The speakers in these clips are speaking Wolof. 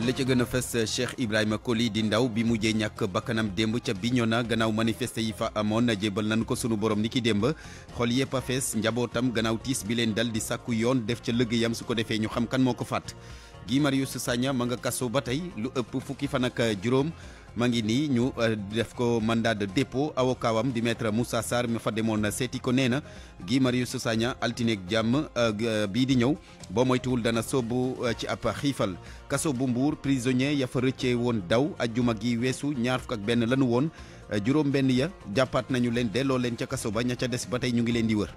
li ca gën a fës Cheikh Ibrahima lii di ndaw bi mujjee ñàkk bakkanam démb ca na gannaaw manifester yi fa amoon na jébal nañ ko sunu boroom ni ki démb xool yépp a fees njabootam gannaaw tiis bi leen dal di sàkku yoon def ca liggéeyam su ko defee ñu xam kan moo ko fàtt Guy Marius Sagna a nga kaso ba tey lu ëpp fukki fan ak juróom ma ngi nii ñu euh, def ko mandat de dépôt avocat wam di maître Moussa Sarr ma fa demoon na seeti ko nee na Guy Marius Sagna altineeg jàmm euh, euh, bii di ñëw boo moytuwul dana soobu ci ab xiifal kaso bu mbuur prisonnier ya fa rëccee woon daw ajjuma gi weesu ñaar fukk ak benn lanu woon juróom benn ya jàppaat nañu leen delloo leen ca kaso ba ña ca des ba tey ñu ngi leen di wër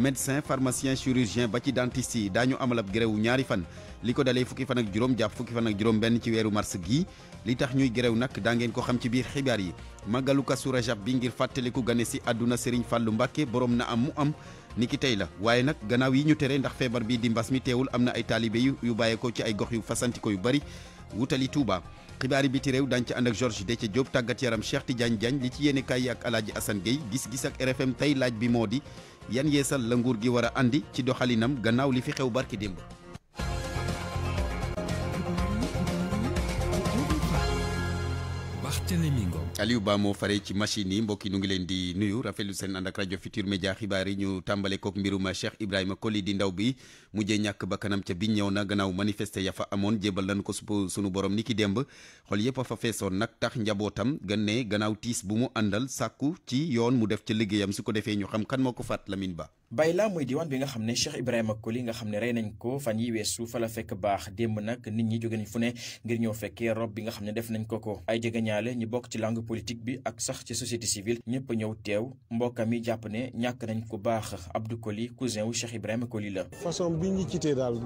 médecin pharmacien chirurgien ba ci dentiste yi daañu amal ab grève ñaari fan li ko dalee fukki fan ak juróom jàpp fukki fan ak juróom ci weeru mars gii li tax ñuy gréw nag daa ngeen ko xam ci biir xibaar yi màggalu kasu rajab bi ngir fàttaliku gane si àdduna Serigne Fallou Mbacke boroom na am mu am ni ki tey la waaye nag gannaaw yi ñu tere ndax feebar bii di mbas mi teewul am na ay taalibe yu yu bàyyeekoo ci ay gox yu fasanti ko yu bari wutali Touba. xibaari biti réew dañ ci ànd ak Georges Déthié Diop tàggat yaram ti Tidiane Diagne li ci yéene kaay yi ak Alaaji Assane Gueye gis-gis ak RFM tey laaj bi moo di yan yeesal la nguur gi war a andi ci doxalinam gannaaw li fi xew barki démb Martin Lemingo. Aliou Ba moo ci machine yi mbokk yi ngi leen di nuyu rafetlu seen ànd ak Futur Media xibaar ñu tàmbale kook mbiruma Cheikh Ibrahima Koli di ndaw bi mujjee ñàkk bakkanam ca bi ñëw na gannaaw manifester ya fa amoon jébal lan ko sunu borom fa tax gannaaw bu mu ci yoon mu def liggéeyam su ko ñu xam kan moo ko Lamine Ba. Bayla mooy diwaan bi nga Cheikh Ibrahima Koli nga nañ ko fan yi weesu fa la fekk baax démb nag nit ñi jóge nañ ngir rob bi nga def nañ ko ko ay jegeñaale ñu bokk ci langue politique bi ak sax ci société civile ñëpp ñëw teew mbokkam yi jàpp ne ñàkk nañ ko baax Abdou Koli cousin wu Cheikh Ibrahima Koli la. façon bi ñu cité daal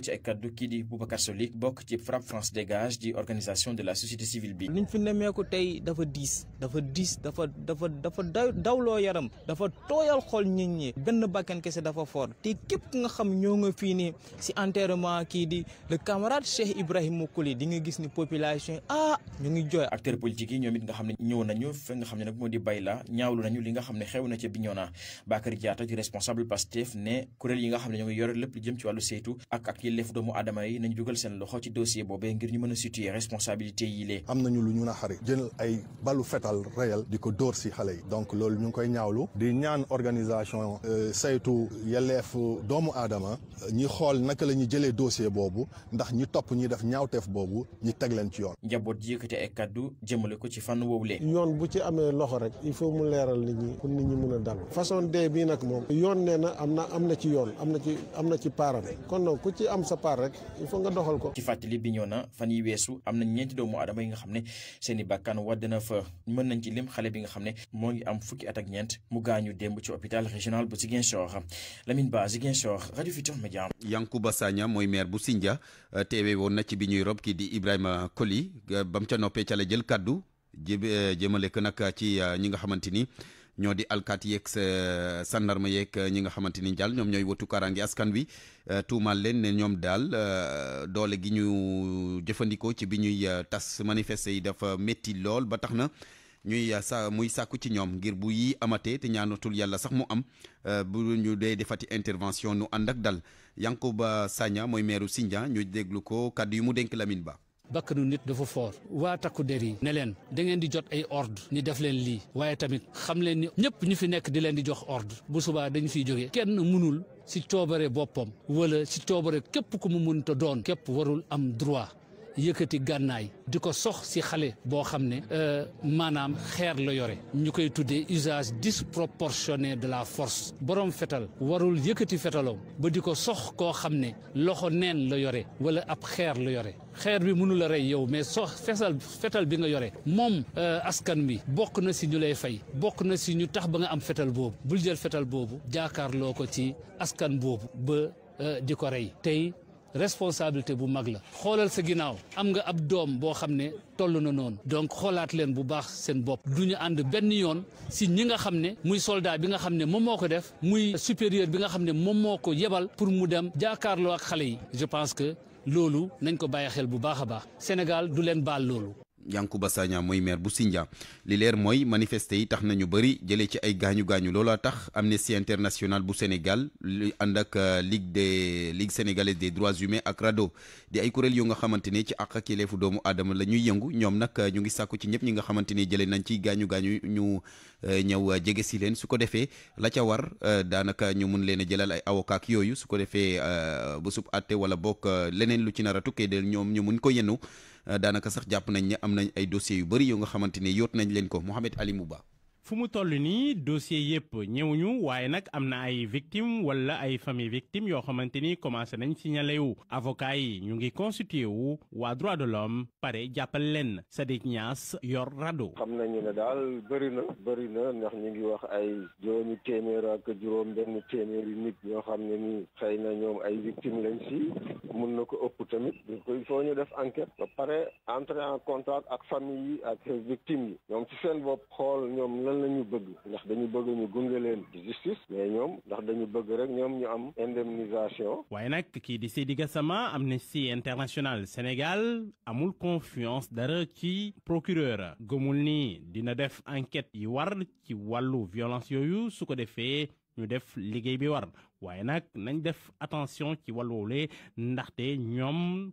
ci ay kaddu kii di Boubacar Solik bokk ci FRAPP France Dégage di organisation de la société civile bi. liñ fi nemmeeku tey dafa diis dafa diis dafa dafa dafa dawloo yaram dafa tooyal xol nit ñi benn bakkan kese dafa fort te képp nga xam ñoo nga fii nii si enterrement kii di le camarade Cheikh Ibrahima Koli di nga gis ni population ah, xam ne ñëw nañu fi nga xam ne nag moo di ne xew na ca Bignona Bakary Diatta di lu jëm ci wàllu ngir ñu mën a situer responsabilité yi lee am nañu lu ñu na xari jël ay balu fetal réel di ko dóor si xale yi donc loolu ñu ngi koy ñaawlu di ñaan organisation euh, saytu yelleef doomu aadama ñi xool naka la ñuy jëlee dossier boobu ndax ñi topp ñi def ñaawteef boobu ñi teg leen ci yoon. njaboot ji yëkkati ay kaddu jëmale ko ci fànn woowu leen. yoon bu ci amee loxo rek il faut mu leeral nit ñi pour nit ñi mun a dal façon dee bi nag moom. yoon nee na am na am na ci yoon am na ci am na ci paaram kon nag ku ci am sa paar rek il faut nga doxal ko. ci fàttali bi ñëw na fan yi weesu am na ñeenti doomu aadama yi nga xam ne seen i bàkkan wadd na fa mën nañ ci lim xale bi nga xam ne moo ngi am fukki at ak ñeent mu gaañu demb ci hôpital régional bu Ziguinchor Lamine Ba Ziguinchor Radio Futurs Médias. Yankuba Sagna mooy maire bu Sindia teewe woon na ci bi ñuy rob kii di Ibrahima Koli ba mu ca noppee ca la jël kàddu jé eh, jéemale ko nag ci eh, ñi nga xamante ni ñoo di alkaati yeeg eh, sàndarma yeeg ñi nga xamante ni daal ñoom ñooy watu kaaraange askan wi tuumaal leen ne ñoom daal doole gi ñu jëfandikoo ci bi ñuy tas manifester yi dafa métti lool ba tax na ñuy sa muy sàkku ci ñoom ngir bu yi amatee te ñaanatul yàlla sax mu am bu ñu dee defati intervention nu ànd ak dal Yankuba Sagna mooy meeru Sindia ñu déglu ko kàddu yi mu denk Lamine Ba. bakkanu nit dafa foor waa takku der yi ne leen da ngeen di jot ay ordre ñi def leen lii waaye tamit xam leen ni ñëpp ñu fi nekk di leen di jox ordre bu subaa dañu fiy jógee kenn mënul si coobare boppam wala si coobare képp ku mu munuta doon képp warul am droit yëkkati gànnaay di ko sox si xale boo xam ne euh, maanaam xeer la yore ñu koy tuddee usage disproportionné de la force borom fetal warul yëkkati fetaloom ba di ko sox koo xam ne loxo neen la yore wala ab xeer la yore xeer bi mënula rey yow mais sox fesal fetal bi nga yore moom euh, askan wi bokk na si ñu lay fay bokk na si ñu tax ba nga am fetal boobu bul jël fetal boobu jaakaarloo ko ci askan boobu ba euh, di ko rey tey responsabilité bu mag la xoolal sa ginnaaw am nga ab doom boo xam ne toll na noonu donc xoolaat leen bu baax seen bopp duñu ànd benn yoon si ñi nga xam ne muy soldat bi nga xam ne moom moo ko def muy supérieur bi nga xam ne moom moo ko yebal pour mu dem jaakaarloo ak xale yi je pense que loolu nañ ko bàyyi xel bu baax a baax Sénégal du leen baal loolu Yankuba Sagna mooy maire bu Sindia li leer mooy manifester yi tax na ñu bëri jëlee ci ay gaañu gaañu loolaa tax Amnesty International bu Sénégal li ànd ak euh, ligue des ligue sénégalaise des droits humains ak rado di ay kuréel yu nga xamante ne ci ak ak yelleefu doomu aadama la ñuy yëngu ñoom nag euh, ñu ngi sàkku ci ñëpp ñi nga xamante ni jëlee nañ ci gaañu gaañu ñu euh, ñëw jege si leen su ko defee la ca war daanaka ñu mun leen a jëlal ay avocat yooyu su ko defee bu sub àtte wala bokk leneen lu ci nar tukkee de ñoom ñu mun ko yennu daanaka sax jàpp nañ ne am nañ ay dossiers yu bëri yoo nga xamante ne yoot nañ leen ko Mouhamed Ali Mouba fu mu toll nii dossier yépp ñëwuñu waaye nag am na ay victimes wala ay famille victimes yoo xamante ni commencé nañ signalé wu avocat yi ñu ngi constitué wu waa droit de l'homme pare jàppale leen di Niass yor rado. xam nañu ne daal bëri na bëri na ndax ñu ngi wax ay juróomi téeméer ak juróom benn téeméeri nit ñoo xam ne nii xëy na ñoom ay victimes lañ si mun na ko ëpp tamit ñu il faut ñu def enquête ba pare entrer en contact ak famille yi ak victimes yi ñoom loolu la ñu bëgg ndax dañu bëgg ñu gunge leen ci justice mais ñoom ndax dañu bëgg rek ñoom ñu am indemnisation. waaye nag kii di Seydi Gassama Amnesty International Sénégal amul confiance dara ci procureur gëmul ni dina def enquête yi war ci wàllu violence yooyu su ko defee. ñu def liggéey bi war waaye nag nañ def attention ci wàllu woowu ndaxte ñoom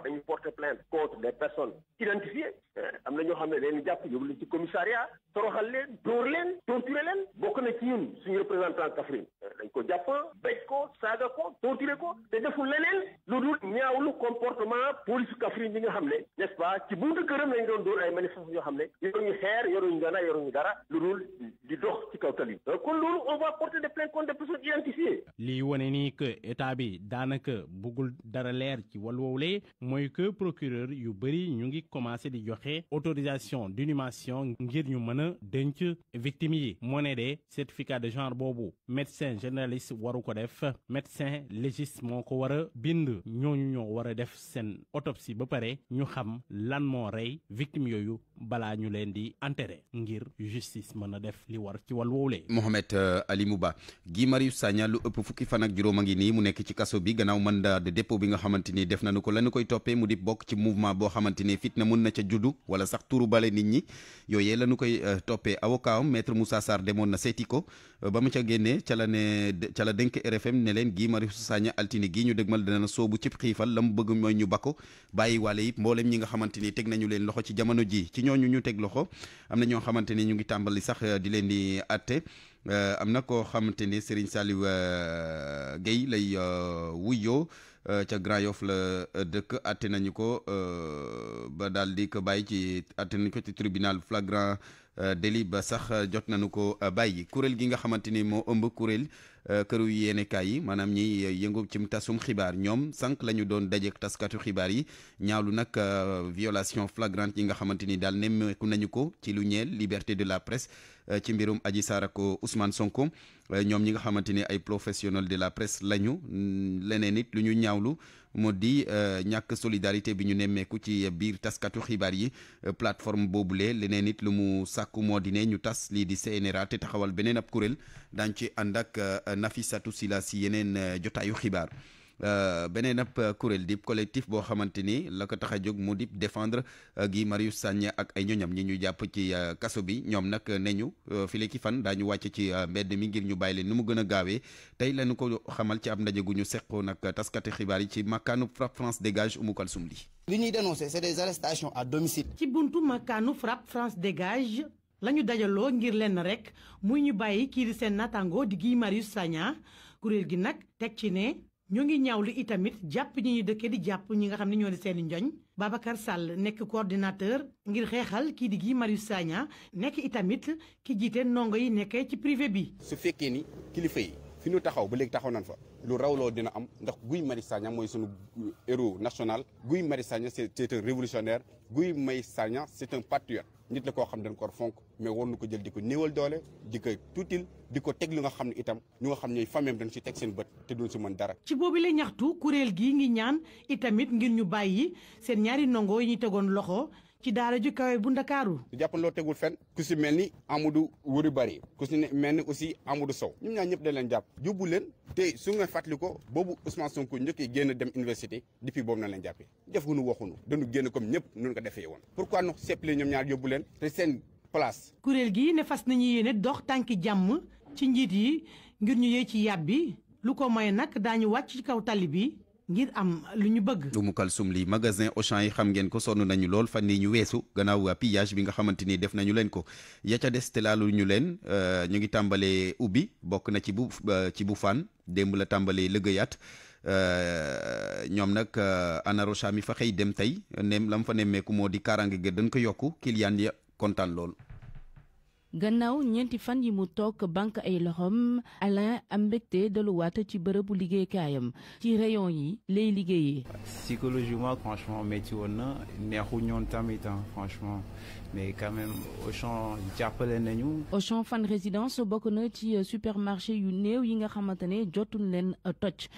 devoir dañu porter plainte contre des personnes identifiées am na ñoo xam ne leen jàpp yóbbu leen ci commissariat toroxal leen dóor leen torturer leen bokk na ci ñun suñu représentant Kaffrine dañ ko jàpp béj ko saaga ko torturer ko te deful leneen lu dul ñaawlu comportement police Kaffrine bi nga xam ne n'est-ce pas ci buntu këram lañ doon ay manifestants yoo xam ne yoruñu xeer yoruñu gana yoruñu dara lu dul di dox ci kaw tali kon loolu on va porter des plaintes contre des personnes identifiées lii mooy procureur yu bari ñu ngi commencé di autorisation d'inhumation ngir ñu mëna denc victime yi moné certificat de genre Bobo médecin généraliste waru def médecin légiste moko wara bind ñooñu ñoo wara def sen autopsie ba paré ñu xam lan mo rey victime yoyu bala ñu di ngir justice mëna liwar def li war ci Mohamed euh, Ali Mouba Guy mariou Sagna lu ëpp fukki fan ak mu nekk ci bi mandat de dépôt bi nga xamanteni def nañu ko koy toppee mu di bokk ci mouvement boo xamante ne fitna mën na ca juddu wala sax turu bale nit ñi yooyee la ñu koy euh, toppee avocat am maître saar demoon na seeti ko euh, ba mu ca génne ca la ne ca la dénk RFM ne leen Guy Marius Sagna altine gii ñu dëgmal dana soobu cib xiifal la mu bëgg mooy ñu bakko bàyyi waale it mboolem ñi nga xamante ni teg nañu leen loxo ci jamono ji ci ñooñu ñu teg loxo am na ñoo xamante ni ñu ngi tàmbali sax euh, di leen di atte am na koo xamante ne Serigne Saliou Guèye lay wuyoo Euh, ca Grand Yoff la euh, dëkk atte nañu ko euh, ba daal di ko bàyyi ci atte nañu ko ci tribunal flagrant délit ba sax jot nañu ko bàyyi kuréel gi nga xamante ni moo ëmb kuréel këru yéenekaay yi maanaam ñi yëngu ci tasum xibaar ñoom sànq la ñu doon dajeek taskatu xibaar yi ñaawlu nag violation flagrante yi nga xamante ni daal nemmeeku nañu ko ci lu ñeel liberté de la presse Euh, ci mbirum Adji Sarr ak Ousmane Sonko euh, ñoom ñi nga xamante ni ay professionnel de la presse lañu leneen it lu ñu ñaawlu moo di euh, ñàkk solidarité bi ñu nemmeeku ci biir taskatu xibaar yi plateforme boobule leneen it lu mu sàkku moo di ñu tas lii di CNRA te taxawal beneen ab kuréel daañ ci ànd ak Nafisatou Sila si yeneen jotaayu xibaar. Euh, beneen ab kuréel di collectif boo xamante ni la ko tax a jóg mu di defendre euh, Guy Marius Sagna ak ay ñoñam ñi ñu jàpp ci euh, kaso bi ñoom nag ne ñu file ki fan daa ñu wàcc ci mbedd mi ngir ñu bàyyi leen nu mu gën a gaawee tey lañu ko xamal ci ab ndaje gu ñu seqoon ak taskati xibaar yi ci makkaanu Frapp dégage Oumou Kalsoum li li ñuy dénoncer c'est des arrestations à domicile. ci buntu makkaanu Frapp France dégage. lañu dajaloo ngir lenn rek muy ñu bàyyi kii di seen natango di gi Marius Sagna kuréel gi nag teg ci ne ñoo ngi ñaaw li itamit jàpp ñi ñu dëkkee di jàpp ñi nga xam ne ñoo di seeni njoñ Babacar Sall nekk coordinateur ngir xeexal kii di Guy Marius Sagna nekk itamit ki jiite ndongo yi nekke ci privé bi su fekkee ni kilifa yi fi ñu taxaw ba léegi taxaw nañ fa lu rawloo dina am ndax Guy mari Sagna mooy sunu héros national Guy mari Sagna c'est c'est un révolutionnaire Guy Marius Sagna c'est un patriote nit la koo xam dañ ko war fonk mais war nu ko jël di ko néewal doole di ko tuutil di ko teg li nga xam ne itam ñu nga xam ne famem dañ si teg seen bët te duñ si mën dara ci boobu la ñaxtu kuréel gii ngi ñaan itamit ngir ñu bàyyi seen ñaari ndongo yi ñu tegoon loxo ci daara ju kawe bu ndakaaru jàppan loo tegul fen ku si mel ni du Wuri Bari ku si mel ni aussi Amadou Sow ñoom ñaar ñëpp dañ leen jàpp yóbbu leen te su nga fàttali ko boobu Ousmane Sonko njëkkee génn dem université depuis boobu na leen jàppee defuñu waxuñu dañu génn comme ñëpp nunu ko defee woon pourquoi nox seppale ñoom ñaar yóbbu leen te seen place kuréel gi ne fas nañu yéene dox tànki jàmm ci njiit yi ngir ñu yee ci yàb bi lu ko may nag daañu wàcc ci kaw tali bi ngir am lu ñu bëgg. Umu Kalsum lii magasin Auchan yi xam ngeen ko sonn nañu lool fan yii ñu weesu gannaaw pillage bi nga xamante ni def nañu leen ko ya ca des te laalu ñu leen euh, ñu ngi tàmbalee ubbi bokk na ci bu euh, ci bu fan démb la tàmbalee lëgëyaat euh, ñoom nag anarocha mi fa xëy dem tey nem lam fa nemmeeku moo di kaaraange ga dañ ko yokk kiliyaan ya kontaan lool. gannaaw ñeenti fan yi mu toog banque ay Alain am mbégte delluwaat ci bërëbu liggéeykaayam ci rayon yi lay liggéeyee psychologiquement franchement métti woon na neexu ñoon tamit hein, franchement mais quand même Auchan au nañu. Auchan de Résidence bokk ci euh, supermarché yu néew yi nga euh, touch.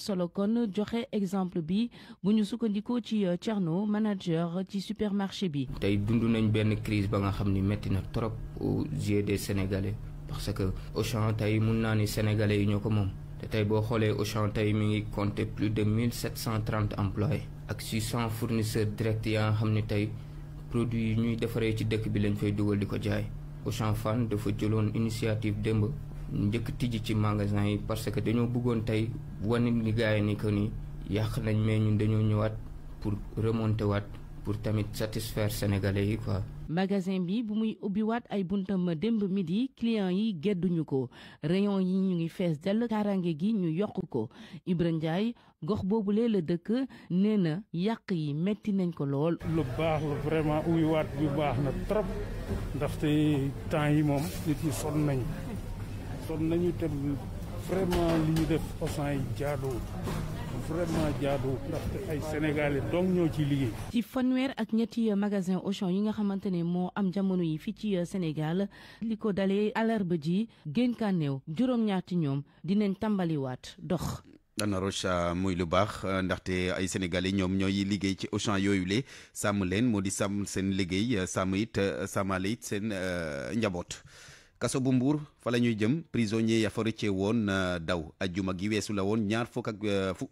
solo kon exemple bi buñu euh, manager ci supermarché bi. tay nañ crise ba nga na des Sénégalais parce que Auchan tay ni Sénégalais yu ñoko mom tay Auchan plus de 1730 employés ak fournisseurs directs nga produit yi ñuy defaree ci dëkk bi lañ fay dugal di ko jaay Auchan Fann dafa jëloon initiative démb njëkk tijji ci magasin yi parce que dañoo bëggoon tey wane ni gaay ni que ni yàq nañ mais ñun dañoo ñëwaat pour remonter waat pour tamit satisfaire sénégalais yi quoi magasin bi bu muy ubbiwaat ay buntam démb midi client yi gedduñu ko rayon yi ñu ngi fees dell kaaraange gi ñu yokk ko Ibra Ndiaye boobu lee la dëkk nee na yàq yi metti nañ ko lool. lu baax la ubbiwaat bi baax na trop ndaxte temps yi moom nit yi sonn nañu sonn nañu te vraiment li ñu def osan yi jaaduwul. vraiment ay sénégalais donc ñoo ci liggéey. ci ak ñetti magasin Auchan yi nga xamantene mo am jamono yi fi ci euh, Sénégal liko dalé dalee alarba ji gën kaa néew juróom-ñaar ci ñoom dinañ tàmbaliwaat dox. Anna Rocha muy lu baax euh, ndaxte ay sénégalais ñom ñoy liggéey ci Auchan yoyu lé sàmm leen di sàmm seen liggéey euh, sàmm it seen njaboot. kaso bu mbuur fa la ñuy jëm prisonnier ya fa rëcce woon euh, daw ajjuma gi weesu la woon ñaar fukk ak euh,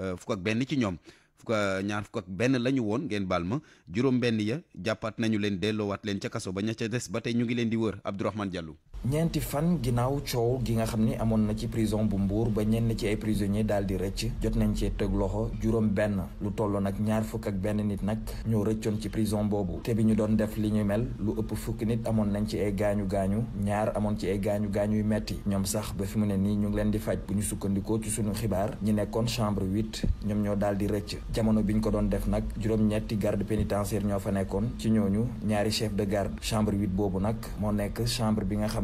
euh, fukk ak benn ci ñoom fukk ñaar fukk ak benn la ñu woon ngeen baal ma juróom mbenn ya jàppaat nañu leen delloowaat leen ca kaso ba ña ca des ba tey ñu ngi leen di wër Abdourahmane Diallo ñeenti fan ginnaaw coow gi nga xam ni amoon na ci prison bu mbuur ba ñenn ci ay prisonniers daal di rëcc jot nañ cee teg loxo juróom benn lu toll nag ñaar fukk ak benn nit nag ñoo rëccoon ci prison boobu te bi ñu doon def li ñu mel lu ëpp fukki nit amoon nañ ci ay gaañu gaañu ñaar amoon ci ay gaañu gaañu yu metti ñoom sax ba fi mu ne nii ñu ngi leen di faj bu ñu sukkandikoo ci suñu xibaar ñi nekkoon chambre huit ñoom ñoo daal di rëcc jamono bi ñu ko doon def nag juróom-ñetti garde pénitentiaire ñoo fa nekkoon ci ñooñu ñaari chef de garde chambre huit boobu nag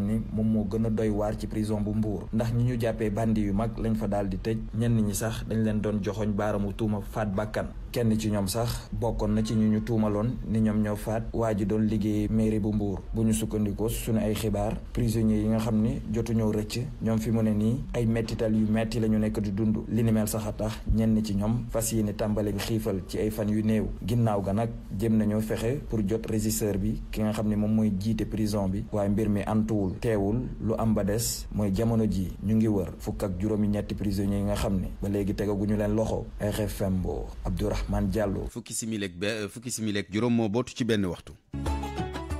ni moom moo gën a doy waar ci prison bu mbuur ndax ñi ñu jàppee bandi yu mag lañ fa daal di tëj ñenn ñi sax dañ leen doon joxoñ baaramu tuuma faat bakkan kenn ci ñom sax bokon na ci ñu ñu tuumaloon ni ñom ñoo faat waji doon liggéey mairie bu mbour bu ñu sukkandiko suñu ay xibaar prisonnier yi nga xamni jotu ñoo recc ñom fi mu ne ay yu metti la ñu nekk di dund li ni mel sax tax ñenn ci ñom fasiyene yéene tàmbali xifal ci ay fan yu neew ginnaw ga nak jëm nañu fexé pour jot régisseur bi ki nga xamni mom moy jité prison bi way mbir mi antuwul téwul lu am ba dess moy jamono ji ñu ngi wër fukk ak juróomi ñetti prisonnier yi nga xamni ba légui léegi tegaguñu leen loxo RFM bo Abdou man Diallo. fukki simili ak be fukki juróom moo bootu ci benn waxtu.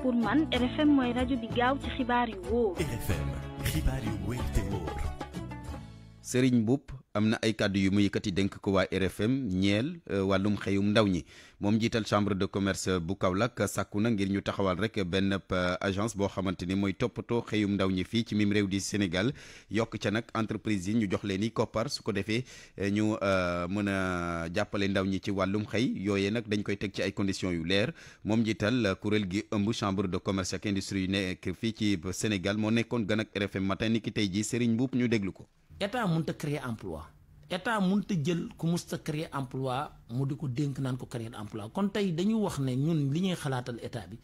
pour man RFM mooy rajo bi gaaw ci xibaar yu wóor. Serigne Mboup amna ay yu muy ko RFM ñeel euh, Walum xeyum ndaw ñi moom chambre de commerce bu Kaolack sakuna ngir ñu taxawal rek benn euh, agence Bohamantini, xamanteni moy Khayum xeyum ndaw ci mim di Sénégal yok ca nak entreprise yi ñu jox leen i su ko defee euh, ñu mëna jappalé ci walum xey yoyé nak dañ koy ci ay conditions yu lèr mom jital kurel gi chambre de commerce ak industrie nek fi ci Sénégal mo nekkon RFM matin ni ki tay ji Serigne ñu déglu état mun a créer emploi état mënut a jël ku mus créer emploi mu di ko dénk naan ko créer emploi kon tey dañu wax ne ñun li ñuy xalaatal état bi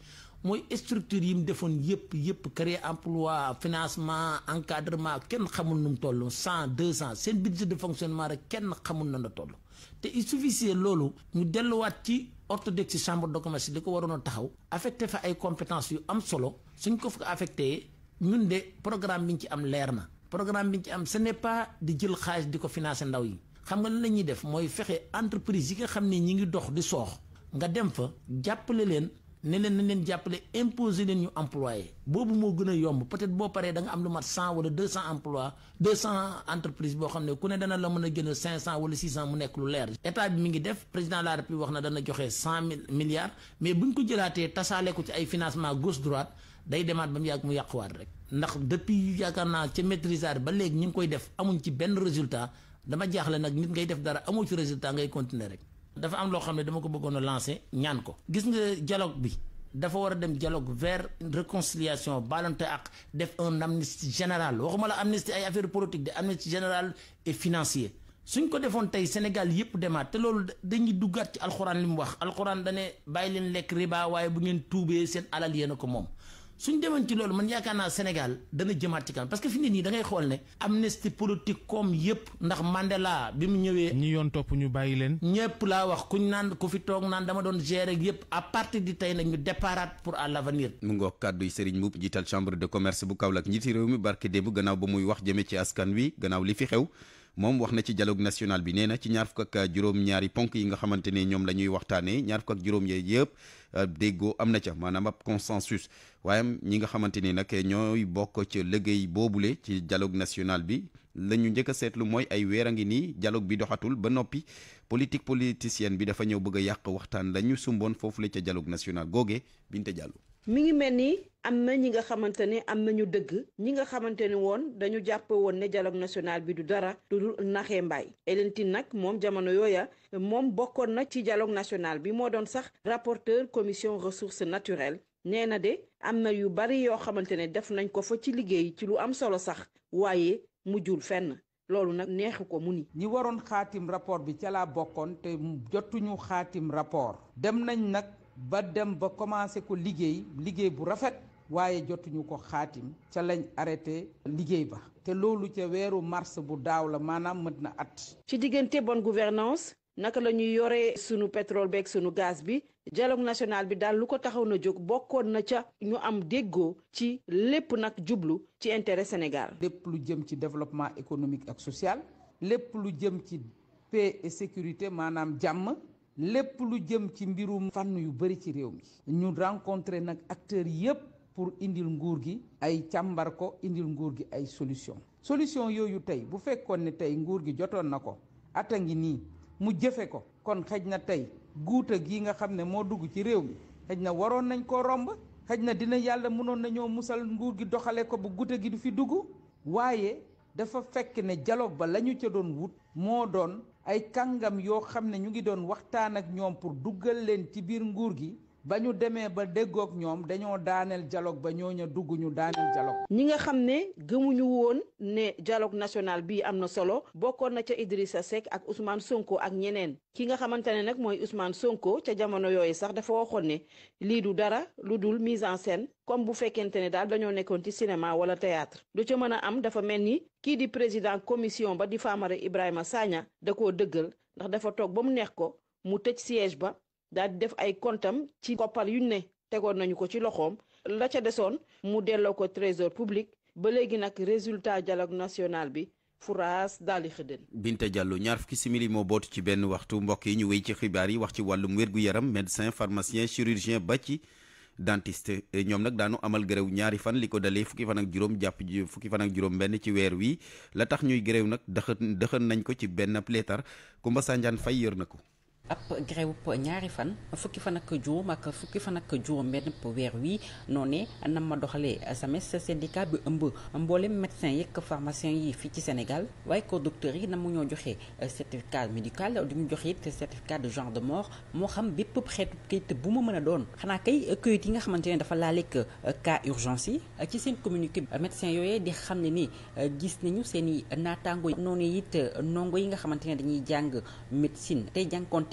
mooy structure yi mu defoon yëpp yëpp créer emploi financement encadrement kenn xamul nu mu toll cent deux cent seen budget de fonctionnement rek kenn xamul na la toll te il suffisait loolu ñu delluwaat ci orthodoxie chambre de commerce li ko waroon a taxaw affecté fa ay compétences yu am solo suñ ko fa affecté ñun de programme bi ñu ci am leer na programme ce n'est pas de jël xaalis di financer ndaw yi xam nga def moy fexé entreprise yi nga ñi ngi dox di nga dem fa ne leen jappalé imposer leen ñu employé yomb peut-être da nga am lu mat 100 wala 200 emplois 200 entreprises bo ku dana la a fait, wala président de la république dana gauche droite ndax depuis yaakaar naa ca maîtrisard ba léegi ñu ngi koy def amuñ ci benn résultat dama jaaxle nag nit ngay def dara amoo ci résultat ngay continuer rek. dafa am loo xam ne dama ko bëggoon a lancer ñaan ko. gis nga dialogue bi dafa war a dem dialogue vers une réconciliation baalante ak def un amnistie général waxuma la amnistie ay affaire politique de amnistie général et financier suñ ko defoon tey Sénégal yépp demaat te loolu dañuy duggaat ci alxuraan li mu wax alxuraan da ne bàyyi leen lekk riba waaye bu ngeen tuubee seen alal yéen ko moom. suñ demoon ci loolu man yaakaar naa Sénégal dana jëmaat ci parce que fi nit ñi dangay ngay xool ne amnistie politique comme yëpp ndax Mandela bi mu ñëwee ñi yoon topp ñu bàyyi leen ñëpp laa wax kuñ naan ku fi toog naan dama doon gérer yëpp à partir di tey nag ñu déparaat pour à l' avenir mu ngoog kàddu yi Serigne Mboup njiital chambre de commerce bu Kaolack njiiti réew mi barke démb gannaaw ba muy wax jëme ci askan wi gannaaw li fi xew moom wax na ci dialogue national bi nee na ci ñaar fukk ak ñaari ponk yi nga xamante ne ñoom la ñuy waxtaanee ñaar fukk juróom yooyu yëpp Euh, déggoo am na ca maanaam ab consensus waaye ñi nga xamante ni nag ñooy bokk ci liggéey boobule ci jaloog national bi la njëkk seetlu mooy ay weer a ngi nii dialogue bi doxatul ba noppi politique politicienne bi dafa ñëw bëgg a yàq waxtaan la sumboon foofu la ca dialogue national googe Binte Diallo mi ngi mel ni am na ñi nga xamante ne am ñu dëgg ñi nga xamante ne woon dañu jàpp woon ne dialogue national bi du dara du dul naxee mbaay Hélène nag moom jamono yooya moom bokkoon na ci dialogue national bi moo doon sax rapporteur commission ressources naturelles nee na de am na yu bari yoo xamante ne def nañ ko fa ci liggéey ci lu am solo sax waaye mujjul fenn loolu nag neexu ko mu ni ñi waroon xaatim rapport bi ca laa bokkoon te jotuñu xaatim rapport dem nañ nag ba dem ba commencé ko liggéey liggéey bu rafet waaye jotuñu ko xaatim ca lañ arrêté liggéey ba te loolu ca weeru mars bu daaw la maanaam mët na at ci diggante bon gouvernance naka la ñuy yoree sunu pétrole beeg sunu gaz bi dialogue national bi daal lu ko taxaw na jóg bokkoon na ca ñu am déggoo ci lépp nag jublu ci intérêt Sénégal lépp lu jëm ci développement économique ak social lépp lu jëm ci paix et sécurité maanaam jàmm lépp lu jëm ci mbirum fànn yu bëri ci réew mi ñu rencontré nag acteurs yépp pour indil nguur gi ay càmbar ko indil nguur gi ay solution solution yooyu tey bu fekkoon ne tey nguur gi jotoon na ko ata ngi nii mu jëfe ko kon xëj na tey guuta gi nga xam ne moo dugg ci réew mi xëj na waroon nañ ko romb xëj na dina yàlla mënoon nañoo musal nguur gi doxale ko bu guuta gi du fi dugg waaye dafa fekk ne jaloog ba la ñu ca doon wut moo doon ay kàngam yoo xam ne ñu ngi doon waxtaan ak ñoom pour duggal leen ci biir nguur gi ba ñu demee ba déggoog ñoom dañoo daaneel jaloog ba ñooña dugguñu ñu daaneel dialogue. ñi nga xam ne gëmuñu woon ne jaloog national bii am na solo bokkoon na ca Idrissa Seck ak Ousmane Sonko ak ñeneen ki nga xamante ne nag mooy Ousmane Sonko ca jamono yooyu sax dafa waxoon ne lii du dara lu dul mise en scène comme bu fekkente ne daal dañoo nekkoon ci cinéma wala théâtre du ca mën a am dafa mel ni kii di président commission ba di faamare Ibrahima Sagna da koo dëggal ndax dafa toog ba mu neex ko mu tëj siège ba. daal di def ay kontam ci koppar yuñ ne tegoon nañu ko ci loxoom la ca desoon mu delloo ko trésor public ba léegi nag résultat dialogue national bi furaas daal di xëddeen. Binta Diallo ñaar fukki simili moo bootu ci benn waxtu mbokk yi ñu wéy ci xibaar yi wax ci wàllum wér-gu-yaram médecin pharmacien chirurgien ba ci dentiste ñoom nag daanu amal gréw ñaari fan li ko dalee fukki fan ak juróom jàpp fukki fan ak juróom benn ci weer wii la tax ñuy gréw nag dëxën dëxën nañ ko ci benn plétar Kumba Fay yor na ko. ab grève ñaari fan fukki fan ak joom ak fukki fan ak joom ben po weer wi noné nam ma doxalee SAMES syndicat bi ëmb mboolem médecin yeeg pharmacien yi fi ci Sénégal way ko docteur yi na mu ñoo joxé certificat médical du ñu joxé certificat de genre de mort mo xam bépp xeetu kayit bu mu mëna doon xana kay kayit yi nga xamante dafa dafa laaleeg cas urgence yi ci seen communiqué bi médecin yooyee di xam ni gis nañu seen natango noné yit nongo yi nga xamante dañuy jàng médecine tey jànkoonte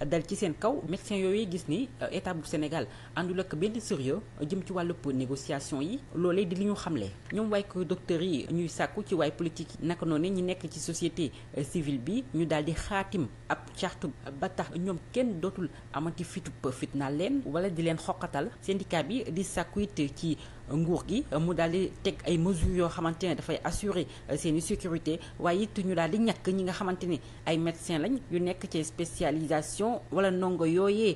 dal ci sen kaw médecin yooyu gis ni euh, état bu Sénégal àndul ak benn sérieux jëm ci wàllub négociation yi lolé di liñu xamlé ñom way ko docteurs yi ñuy sàkku ci way politique nak noné ñi nek ci société euh, civile bi ñu daal di xaatim ab charte ba tax ñom kenn dotul amati fitu fitnaal leen wala di len xokatal syndicat bi di sàkku it ci nguur gi mu daal di ay mesures yo xamante da fay assurer euh, sen sécurité waaye it ñu daal ñak ñi nga xamante ay médecins lañ yu nekk ci spécialisation wala nongo yoyé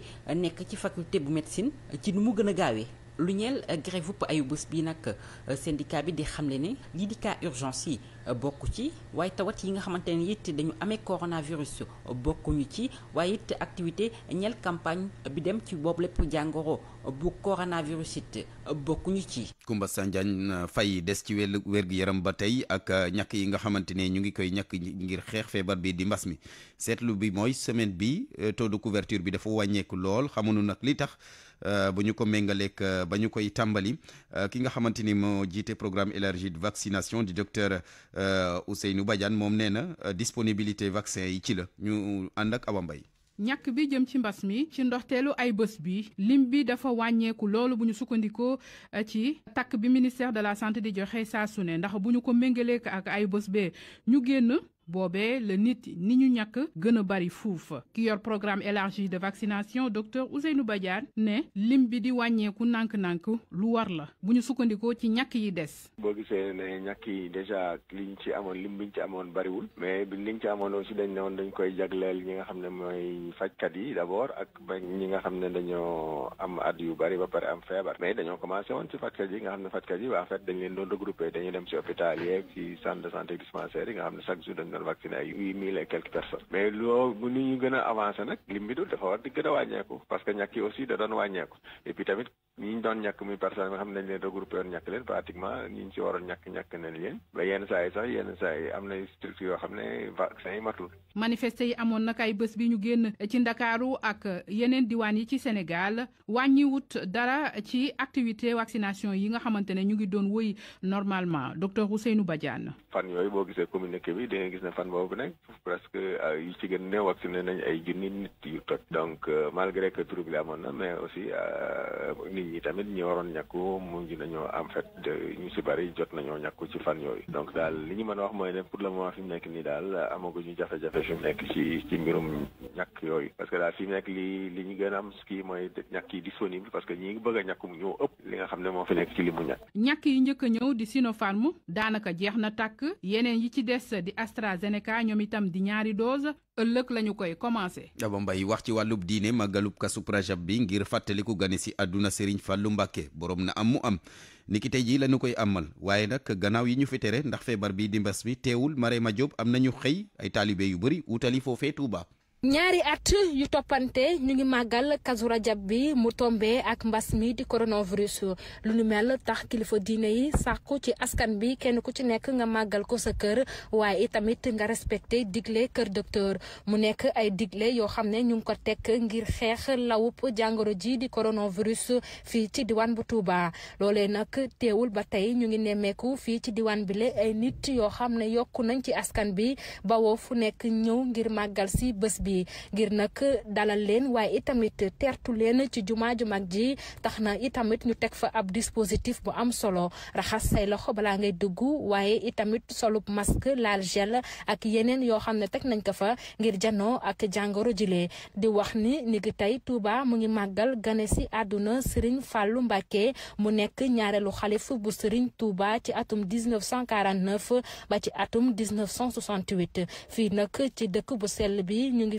nekk ci faculté bu médecine ci nu mu gëna a lu ñeel grève bu ayu bés bi nak euh, syndicat bi di xamle ne lii di ka urgence yi euh, bokk ci way tawat yi nga xamanteni yitt dañu amé coronavirus euh, bokku ñu ci waaye it activité ñel campagne bi dem ci boobu lepp jangoro bu coronavirus bokku ñu ci. Kumba Sandiane fay dess ci wàllu wér-gu-yaram batay ak ñak yi nga xamanteni ñu ngi koy ñak ngir xex feebar bi di mbass mi seetlu bi moy semaine bi taux de couverture bi dafa wañéku lool xamunu nak li tax. Euh, bu ñu ko méngaleeg euh, ba ñu koy tàmbali euh, ki nga xamante ni moo jiite programme élargi de vaccination di docteur Ousseynou Badiane moom nee na disponibilité vaccin yi ci la ñu ànd ak Awa mbay ñàkk bi jëm ci mbas mi ci ndoxteelu ay bës bi lim bi dafa wàññeeku loolu bu ñu sukkandikoo ci takk bi ministère de la santé di joxe saa su ne ndax bu ñu ko méngaleek ak ay bés bee ñu génn boobee la nit ni ñu ñàkk gën a bari fuuf kii yor programme élargi de vaccination docteur Ousseynou Badiane ne lim bi di wàññeeku nànk nank lu war la bu ñu sukkandikoo ci ñàkk yi des. boo gisee ne ñàkk yi li ñu ci amoon lim ñu ci amoon bariwul mais liñ ci amoon aussi dañ ne woon dañ koy jagleel ñi nga xam ne mooy fajkat yi d'abord ak ñi nga xam ne dañoo am at yu bari ba pare am feebar mais dañoo commencé woon ci fajkat yi nga xam ne fajkat yi en dañ leen doon regroupé dañuy dem ci hôpital yeeg ci centre de santé na vacciné ay huit mille et quelques mais loolu bu nit ñu gën a avancé nag lim bi dul dafa war di gën a wàññeeku parce que ñàkk yi aussi da doon wàññeeku et puis ñi ñu doon ñàkk muy personne nga xam ne dañ leen regroupé woon ñàkk leen pratiquement ñi ñu si waroon ñàkk ñàkk nañ leen ba yenn saa yi sax yenn saa yi am na structure yoo xam ne vaccin yi matul manifesté yi amoon nag ay bés bi ñu génn ci Ndakaaru ak yeneen diwaan yi ci Sénégal wàññiwut dara ci activité vaccination yi nga xamante ne ñu ngi doon wëy normalement docteur Ousseynou Badiane fan yooyu boo gisee communiqué bi na fan boobu nag presque yu ci gën ne vacciné nañ ay junni nit yu tot donc malgré que trouble bi amoon na mais aussi nit ñi tamit ñi waroon ñàkku mujj nañoo en fait de ñu si bari jot nañoo ñàkku ci fan yooyu donc daal li ñu mën wax mooy ne pour le moment fi mu nekk nii daal amaguñu jafe-jafe fi mu nekk ci ci mbirum ñàkk yooyu parce que daal fi mu nekk li li ñu gën a am kii mooy ñàkk yi disponible parce que ñi ngi bëgg a ñàkk mu ñoo ëpp li nga xam ne moo fi nekk ci li mu ñàkk ñàkk yi njëkk a ñëw di sinopharm daanaka jeex na tàkk yeneen yi ci des di astra AstraZeneca ñoom itam di ñaari dose ëllëg la ñu koy commencé. Daba Mbaye wax ci wàllub diine màggalub kasub rajab bi ngir fàttaliku gane si àdduna Serigne Fallou Mbacké borom na am mu am. niki tey jii la ñu koy amal waaye nag gannaaw yi ñu fi ndax feebar bii di mbas teewul teewul ma Diop am nañu xëy ay taalibe yu bëri wutali foofee Touba. ñaari at yu toppante ñu ngi màggal kasu Rajab bi mu tombee ak mbas mi di coronavirus lu nu mel tax kilifa diine yi sàkku ci askan bi kenn ku ci nekk nga màggal ko sa kër waaye tamit nga respecté digle kër docteur mu nekk ay digle yoo xam ne ñu ngi ko teg ngir xeex lawup jàngoro ji di coronavirus fii ci diwaan bu Touba loole nag teewul ba tey ñu ngi nemmeeku fii ci diwaan bi le ay nit yoo xam ne yokk nañ ci askan bi bawoo fu nekk ñëw ngir màggal si bés bi. yi ngir nag dalal leen waaye itamit teertu leen ci jumaa ju mag ji tax na itamit ñu teg fa ab dispositif bu am solo raxas say loxo balaa ngay dugg waaye itamit solub masque laal gel ak yeneen yoo xam ne teg nañ ko fa ngir janoo ak jàngoro jile di wax ni ni ngi tey Touba mu ngi màggal gane si àdduna Serigne Fallou Mbacké mu nekk ñaareelu xalif bu Serigne Touba ci atum 1949 ba ci atum 1968 fii nag ci dëkk bu sell bi ñu ngi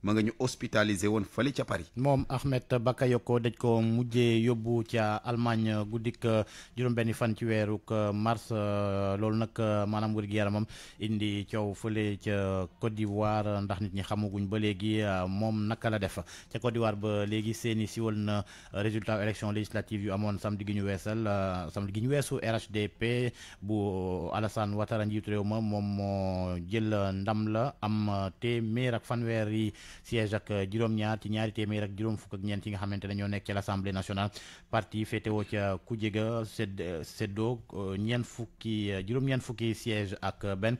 ma nga ñu hospitalisé woon fële ca Paris. moom bakka Bakayoko dañ ko mujjee yóbbu ca Allemagne guddik euh, juróom-benni fan ci weeruk euh, mars euh, loolu nag maanaam wér-gu-yaramam indi coow fële ca Côte d'Ivoire ndax nit ñi xamaguñ ba léegi moom naka la def ca Côte d'Ivoire ba léegi seeni siwal na résultat élection législative yu amoon samedi gi ñu weesal samedi gi ñu weesu RHDP bu Alassane Ouattara njiitu réew ma moom moo jël ndam la am téeméer ak fanweer yi. siège ak euh, juróom-ñaar ci ñaari téeméer ak juróom fukk ak ñeent yi nga xamante ñoo nekk ci l'Assemblée nationale parti féetewoo ca kujje ga séddoo euh, ñeent fukki euh, juróom-ñeent fukki siège ak benn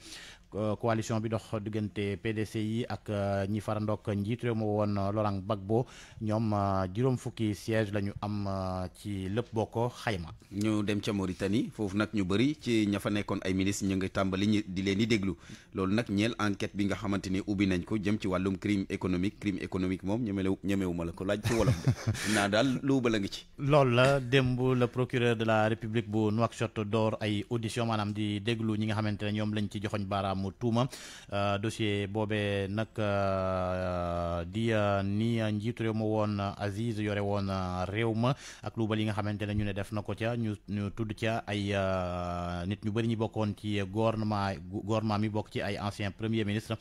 Euh, coalition bi dox diggante PDC yi ak euh, ñi farandook njiit réew ma woon euh, Laurent Gbagbo ñoom juróom fukki siège la ñu am ci lépp boo ko xayma. ñu dem ca Mauritanie foofu nag ñu bëri ci ña fa nekkoon ay ministre ñu ngi tàmbali ñi di leen di déglu loolu nag ñeel enquête bi nga xamante ni ubbi nañ ko jëm ci wàllum crime économique crime économique moom ñemewu ñemewuma la ko laaj ci wolof naa daal lu ba la ngi ci. loolu la démb le procureur de la république bu Nouakchott door ay audition maanaam di déglu ñi nga xamante ne ñoom lañ ci joxoñ baaraam. Mutuma euh, dossier bobé nak euh, di euh, ni njiitu réew ma Aziz yore won réew ma ak yi nga xamante ñu né def nako ci ñu ñu tudd ci ay nit ñu bari ñi bokkon ci gouvernement gouvernement mi bok ci ay ancien premier ministre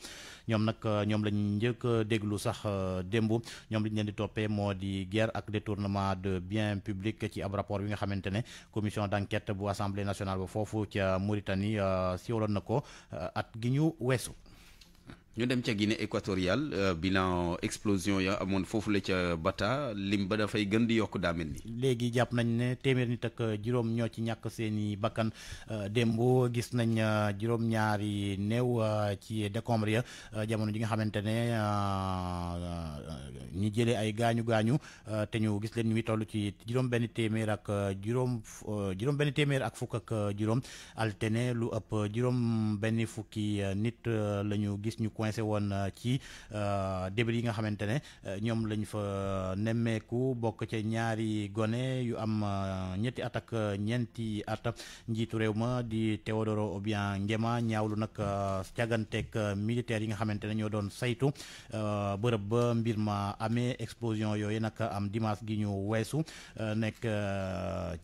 ñom nak ñom lañu njëkk déglu sax dembu ñom lañ leen di topé modi guerre ak détournement de biens publics ci ab rapport bi nga xamante commission d'enquête bu assemblée nationale ba fofu ci Mauritanie si na nako at gi ñu weesu ñu dem ca gine équatoriale euh, bilan explosion ya amoon foofu la ca Bata lim ba dafay gën di yokk daa mel ni. léegi jàpp nañ ne téeméer nit ak juróom ñoo ci ñàkk seeni bakkan euh, démbo gis nañ euh, juróom-ñaari néew ci décombre ya jamono ji nga xamante ne ñi jëlee ay gaañu gaañu te ñu gis leen ñu ngi toll ci juróom-benn téeméer ak juróom juróom-benn téeméer ak fukk ak juróom altene lu ëpp juróom-benn fukki nit la ñu gis ñu. coincé woon euh, ci euh, débris yi nga xamante ne euh, ñoom lañ fa nemmeeku bokk ca ñaari gone yu am ñetti at ñeenti at njiitu réew ma di Théodoro Obiang Nguema ñaawlu nag càgganteeg militaires yi nga xamante ne ñoo doon saytu bërëb ba mbir ma amee explosion yooyu nag am dimanche gi ñu weesu nekk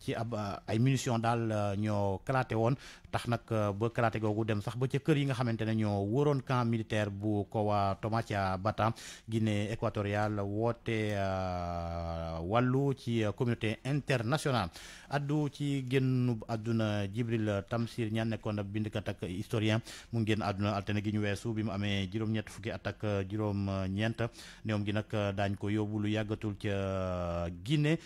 ci ab ay munitions daal ñoo kalaate woon tax nag euh, ba karaté googu dem sax ba ca kër yi nga xamante ne ñoo wóoroon camp militaire bu Kowa Tomacha Bata Guinée équatoriale woote euh, wàllu ci euh, communauté internationale addu ci génn àdduna Jibril Tamsir ñaan nekkoon ab bindkat ak historien mu ngi génn àdduna altine gi ñu weesu bi mu amee juróom-ñett fukki at ak juróom-ñeent néewam gi nag daañ ko yóbbu lu yàggatul ca Guinée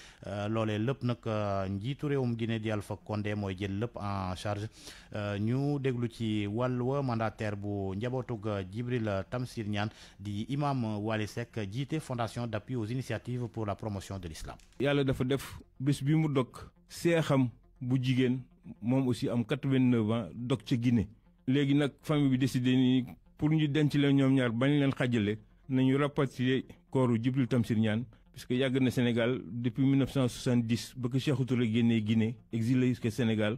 loolee lépp nag njiitu réewum Guinée di Alpha Condé mooy jël lépp en charge Euh, ñu déglu ci wàllu mandataire bu njabootug euh, jibril euh, Tamsir Niane di imam Wali Seck jiite fondation d'appui aux initiatives pour la promotion de l'islam yalla dafa def bés bi mu dok seexam bu jigen mom aussi am 89 ans dok ci Guinée légui nak famille bi décidé ni pour ñu denc leen ñom ñaar bañ leen xajale nañu rapatrier koru jibril Tamsir Niane puisque yag na Sénégal depuis 1970 ba que Sékou Touré génnee Guinée exilé jusqu'au Sénégal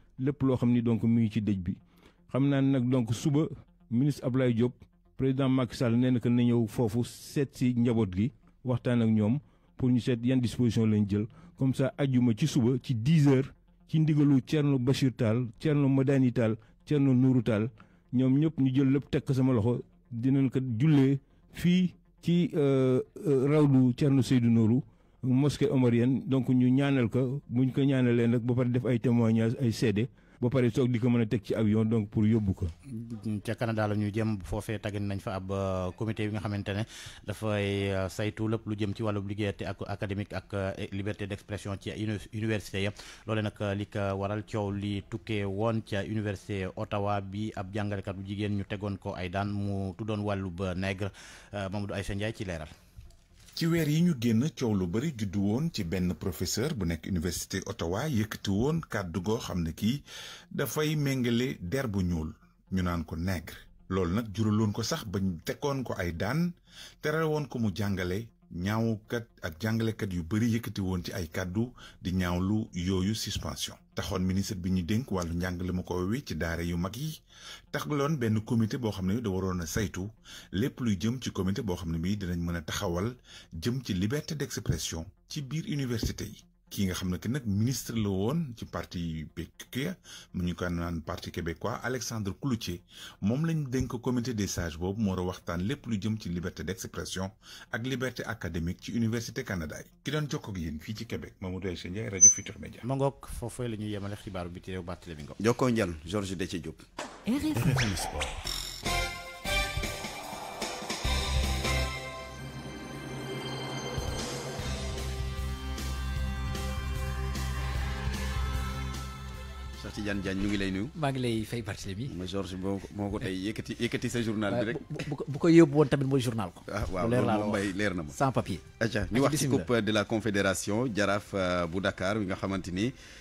lépp loo xam ni donc mu ngi ci dëj bi xam naa nag donc suba ministre Ablaye Diop président Macky Sall nee na que na ñëw foofu seet si njaboot gi waxtaan ak ñoom pour ñu seet yan disposition lañ jël comme ça ajjuma ci suba ci 10 heures ci ndigalu Thierno Bachir Tall Thierno Madani Tall Thierno Nourou Tall ñoom ñëpp ñu jël lépp teg sama loxo dinañ ko jullee fii ci euh, euh, rawdu Thierno Seydou Nourou mosquée omarienne donc ñu ñaanal ko buñ ko ñaanalee nag ba pare def ay témoignages ay seede ba pare soog di ko mën a teg ci yoon donc pour yóbbu ko. ca Canada la ñu jëm foofee taggat nañ fa ab euh, comité bi nga xamante ne dafay euh, saytu lépp lu jëm ci wàllu liberté ak académique ak euh, liberté d'expression ci université ya loole nag li ko waral coow li tukkee woon ca université Ottawa bi ab jàngalekat bu jigéen ñu tegoon ko ay daan mu tuddoon wàllu ba nègre Mamadou Aïcha Ndiaye ci leeral. ci weer yi ñu génn coow lu bari juddu woon ci benn professeur bu nekk université Ottawa yëkkati woon kàddu goo xam ne kii dafay méngale der bu ñuul ñu naan ko nègre loolu nag juraloon ko sax bañ tekkoon ko ay daan terale woon ko mu jàngale ñaawukat ak jàngalekat yu bari yëkkati woon ci ay kàddu di ñaawlu yooyu suspension taxoon ministre bi ñu dénk njàng njàngale ma ko wi ci daara yu mag yi tax loon benn comité boo xam ne da waroon a saytu lépp luy jëm ci comité boo xam ne bii dinañ mën a taxawal jëm ci liberté d'expression ci biir université yi. kii nga xam ne que nag ministre la woon ci parti PQ mu ñu ko naan parti québécois Alexandre Cloutier moom lañ dénk comité de sage boobu moo war a waxtaan lépp lu jëm ci liberté d'expression ak liberté académique ci université Canada yi. ki doon jokkoo ak yéen fii ci Québec Mamadou Aïcha Ndiaye rajo Futur Média. ma ngoog foofee la ñuy yemale xibaaru bi teew Barthélémy Ngom. Jokkoo Njal Georges Déthié Diop. RFI Cheikh Tidiane Diagne ñu ngi lay nuyu. maa ngi lay fay Barthélémy. mooy Georges moo ko moo ko tey yëkkati sa journal bi rek. bu ko bu won tamit moy journal ko. ah waaw loolu moom mbay leer na ma sans papier. ayca ñu wax ci coupe de la confédération jaraf euh, bu Dakar wi nga xamante